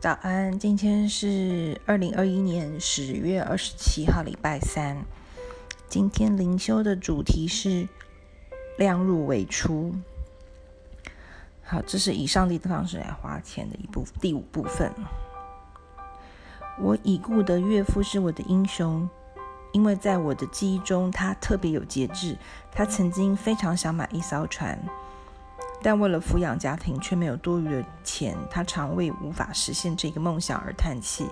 早安，今天是二零二一年十月二十七號，禮拜三。今天靈修的主題是量入為出。好，這是以上帝的方式來花錢的一部分，第五部分。我已故的岳父是我的英雄，因為在我的記憶中，他特別有節制。他曾經非常想買一艘船。但為了撫養家庭，卻沒有多餘的錢。他常為無法實現這個夢想而嘆氣，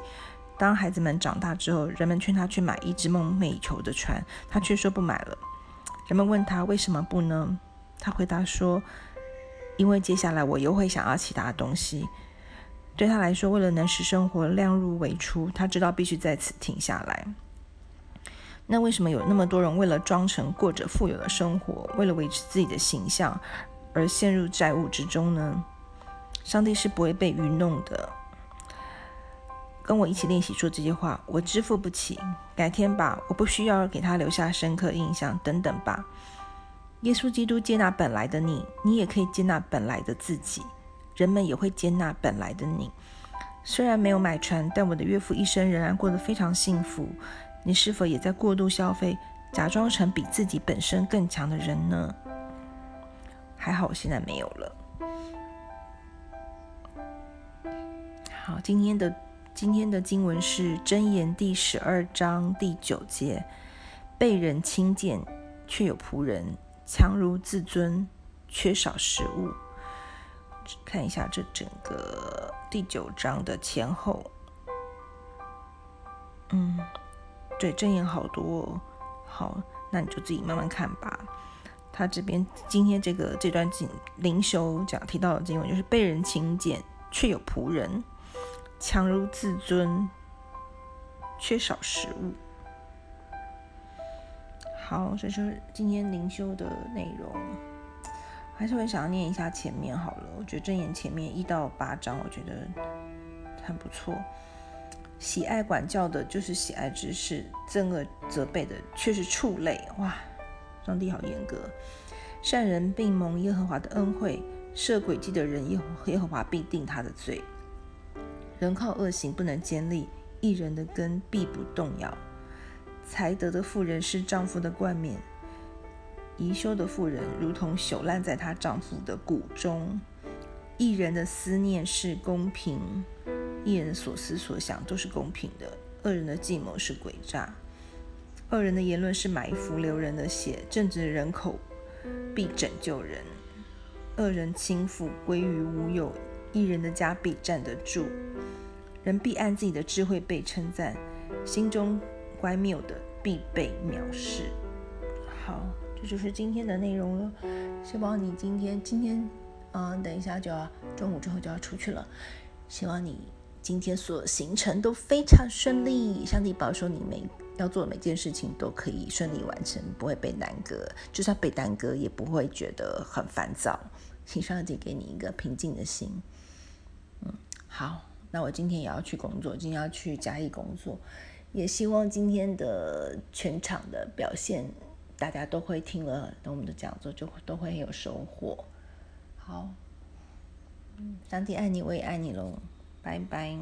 當孩子們長大之後，人們勸他去買一直夢寐以求的船，他卻說不買了。人們問他為什麼不呢？他回答說：“因為接下來我又會想要其他的東西。”對他來說，為了能使生活量入為出，他知道必須在此停下來。那為什麼有那麼多人為了裝成過着富有的生活，為了維持自己的形象，而陷入債務之中呢？上帝是不會被愚弄的。跟我一起練習說這些話：我支付不起，改天吧；我不需要給她留下深刻印象，等等吧。耶穌基督接納本來的你，你也可以接納本來的自己。人們也會接納本來的你。雖然沒有買船，但我的岳父一生仍然過得非常幸福。你是否也在過度消費，假裝成比自己本身更強的人呢？還好，我現在沒有了。好，今天的今天的經文是《箴言》第十二章第九節：被人輕賤，却有僕人；強如自尊，缺少食物。看一下這整個第九章的前後。嗯，對，箴言好多哦。好，那你就自己慢慢看吧。他這邊今天這個這段經靈修講提到的經文就是被人輕賤，卻有僕人；強如自尊，缺少食物。好，所以說今天靈修的內容，還是會想要念一下前面好了。我覺得箴言前面一到八章，我覺得很不錯。喜愛管教的就是喜愛知識，憎惡責備的卻是畜類。哇！上帝好嚴格，善人必蒙耶和華的恩惠，設詭計的人耶、耶和華必定他的罪。人靠惡行不能堅立，義人的根必不動搖。才德的婦人是丈夫的冠冕，貽羞的婦人如同朽爛在她丈夫的骨中。義人的思念是公平，義人所思所想都是公平的。惡人的計謀是詭詐。惡人的言論是埋伏流人的血，正直人口必拯救人。惡人傾覆歸於無有，一人的家必站得住。人必按自己的智慧被稱讚，心中乖謬的必被藐視。好，這就是今天的內容了。希望你今天今天，嗯，等一下就要中午之後就要出去了，希望你。今天所有行程都非常順利，上帝保守你每要做的每件事情都可以順利完成，不會被耽擱，就算被耽擱也不會覺得很煩躁，請上帝給你一個平靜的心。嗯，好，那我今天也要去工作，今天要去嘉義工作，也希望今天的全場的表現，大家都會聽了等我們的講座就都會很有收穫。好，嗯，上帝愛你，我也愛你嘍。拜拜。